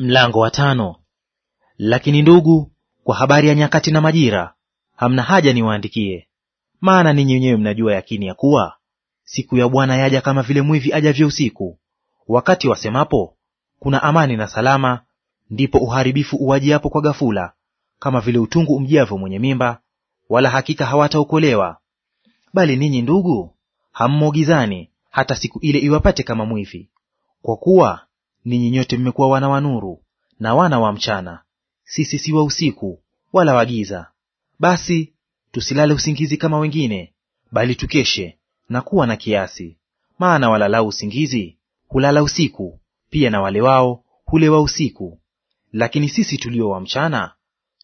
Mlango wa tano. Lakini ndugu, kwa habari ya nyakati na majira hamna haja niwaandikie, maana ninyi wenyewe mnajua yakini ya kuwa siku ya Bwana yaja kama vile mwivi ajavyo usiku. Wakati wasemapo kuna amani na salama, ndipo uharibifu uwajiapo kwa ghafula, kama vile utungu umjiavyo mwenye mimba, wala hakika hawataokolewa. Bali ninyi ndugu, hammo gizani, hata siku ile iwapate kama mwivi, kwa kuwa Ninyi nyote mmekuwa wana wa nuru na wana wa mchana; sisi si wa usiku wala wa giza. Basi tusilale usingizi kama wengine, bali tukeshe na kuwa na kiasi. Maana walalao usingizi hulala usiku, pia na wale wao hulewa usiku. Lakini sisi tulio wa mchana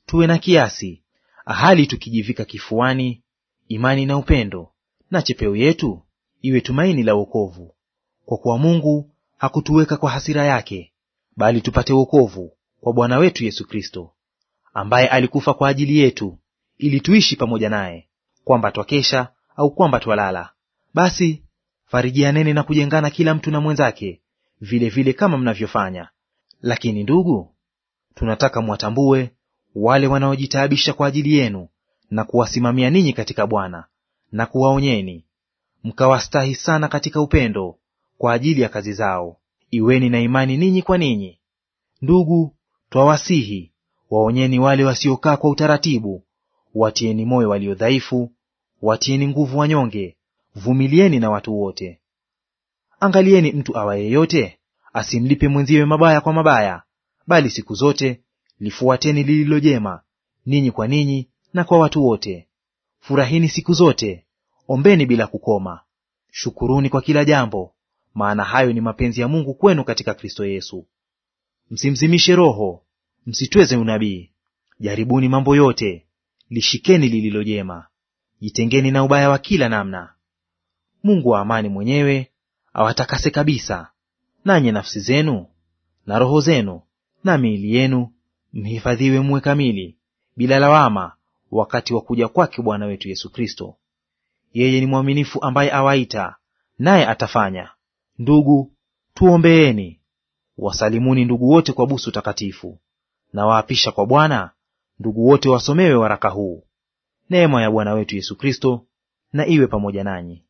tuwe na kiasi, hali tukijivika kifuani imani na upendo, na chepeo yetu iwe tumaini la wokovu. Kwa kuwa Mungu hakutuweka kwa hasira yake, bali tupate wokovu kwa Bwana wetu Yesu Kristo, ambaye alikufa kwa ajili yetu, ili tuishi pamoja naye, kwamba twakesha au kwamba twalala. Basi farijianeni na kujengana kila mtu na mwenzake vilevile vile kama mnavyofanya. Lakini ndugu, tunataka mwatambue wale wanaojitaabisha kwa ajili yenu na kuwasimamia ninyi katika Bwana na kuwaonyeni, mkawastahi sana katika upendo kwa ajili ya kazi zao. Iweni na imani ninyi kwa ninyi. Ndugu, twawasihi waonyeni wale wasiokaa kwa utaratibu, watieni moyo walio dhaifu, watieni nguvu wanyonge, vumilieni na watu wote. Angalieni mtu awa yeyote asimlipe mwenziwe mabaya kwa mabaya, bali siku zote lifuateni lililo jema, ninyi kwa ninyi na kwa watu wote. Furahini siku zote, ombeni bila kukoma, shukuruni kwa kila jambo, maana hayo ni mapenzi ya Mungu kwenu katika Kristo Yesu. Msimzimishe roho, msitweze unabii. Jaribuni mambo yote, lishikeni lililo jema, jitengeni na ubaya wa kila namna. Mungu wa amani mwenyewe awatakase kabisa, nanye nafsi zenu na roho zenu na miili yenu mhifadhiwe muwe kamili bila lawama, wakati wa kuja kwake Bwana wetu Yesu Kristo. Yeye ni mwaminifu ambaye awaita, naye atafanya. Ndugu, tuombeeni. Wasalimuni ndugu wote kwa busu takatifu. Na waapisha kwa Bwana ndugu wote wasomewe waraka huu. Neema ya Bwana wetu Yesu Kristo na iwe pamoja nanyi.